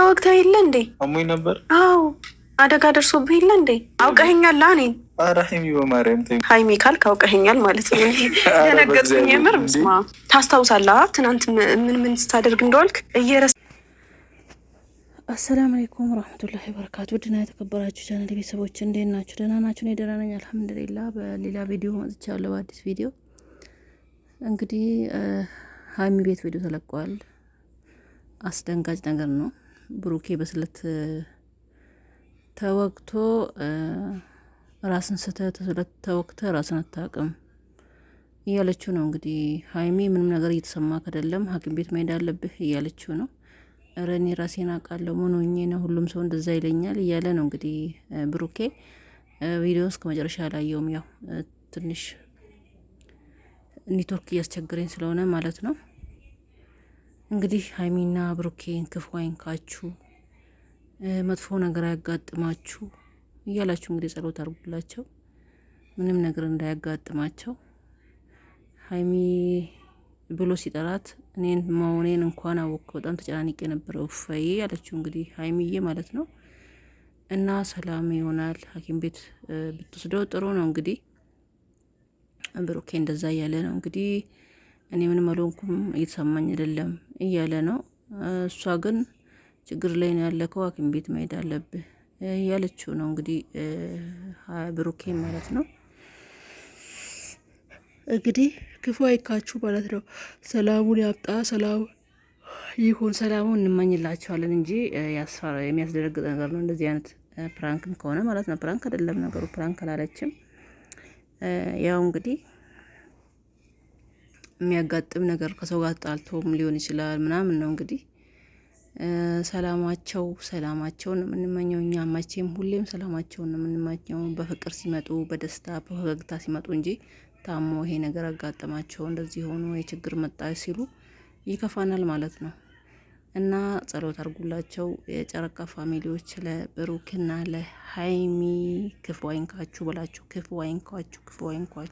ተወግተህ የለ እንዴ? አሞኝ ነበር። አዎ አደጋ ደርሶብህ የለ እንዴ? አውቀኸኛል። ላኔ ራሚ በማርያም ሀይሚ ካልክ አውቀኸኛል ማለት ነው። የነገጥኩኝ የምር ስማ፣ ታስታውሳለህ ትናንት ምን ምን ስታደርግ እንደዋልክ እየረስ አሰላም አለይኩም ወራህመቱላሂ ወበረካቱ። ውድና የተከበራችሁ ቻናል ቤተሰቦች እንዴት ናችሁ? ደህና ናችሁ? እኔ ደህና ነኝ አልሐምዱሊላህ። በሌላ ቪዲዮ መጥቻለሁ፣ በአዲስ ቪዲዮ እንግዲህ ሀይሚ ቤት ቪዲዮ ተለቋል። አስደንጋጭ ነገር ነው። ብሩኬ በስለት ተወግቶ ራስን ስተህ ስለት ተወግተህ ራስን አታውቅም እያለችው ነው እንግዲህ ሀይሚ ምንም ነገር እየተሰማ ከደለም ሐኪም ቤት መሄድ አለብህ እያለችው ነው። እረ እኔ ራሴን አውቃለሁ ምን ሆኜ ነው ሁሉም ሰው እንደዛ ይለኛል እያለ ነው እንግዲህ ብሩኬ። ቪዲዮ እስከ መጨረሻ አላየውም ያው ትንሽ ኔትወርክ እያስቸገረኝ ስለሆነ ማለት ነው። እንግዲህ ሀይሚና ብሩኬን ክፉ አይንካችሁ፣ መጥፎ ነገር አያጋጥማችሁ እያላችሁ እንግዲህ ጸሎት አድርጉላቸው። ምንም ነገር እንዳያጋጥማቸው። ሀይሚ ብሎ ሲጠራት እኔን መሆኔን እንኳን አወቅ በጣም ተጨናንቄ የነበረው ውፋዬ ያለችው እንግዲህ ሀይሚዬ ማለት ነው። እና ሰላም ይሆናል። ሐኪም ቤት ብትወስደው ጥሩ ነው። እንግዲህ ብሩኬ እንደዛ እያለ ነው እንግዲህ እኔ ምንም አልሆንኩም እየተሰማኝ አይደለም እያለ ነው። እሷ ግን ችግር ላይ ነው ያለከው ሐኪም ቤት መሄድ አለብህ እያለችው ነው እንግዲህ ብሩኬ ማለት ነው። እንግዲህ ክፉ አይካችሁ ማለት ነው። ሰላሙን ያብጣ ሰላም ይሁን ሰላሙ እንመኝላቸዋለን እንጂ የሚያስደነግጥ ነገር ነው። እንደዚህ አይነት ፕራንክም ከሆነ ማለት ነው። ፕራንክ አይደለም ነገሩ። ፕራንክ አላለችም። ያው እንግዲህ የሚያጋጥም ነገር ከሰው ጋር ጣልቶም ሊሆን ይችላል ምናምን ነው እንግዲህ ሰላማቸው ሰላማቸውን ነው የምንመኘው እኛ መቼም ሁሌም ሰላማቸውን ነው የምንመኘው በፍቅር ሲመጡ በደስታ በፈገግታ ሲመጡ እንጂ ታሞ ይሄ ነገር አጋጠማቸው እንደዚህ ሆኖ የችግር መጣ ሲሉ ይከፋናል ማለት ነው እና ጸሎት አድርጉላቸው የጨረቃ ፋሚሊዎች ለብሩክና ለሀይሚ ክፉ አይንካችሁ ብላችሁ ክፉ አይንካችሁ ክፉ አይንካችሁ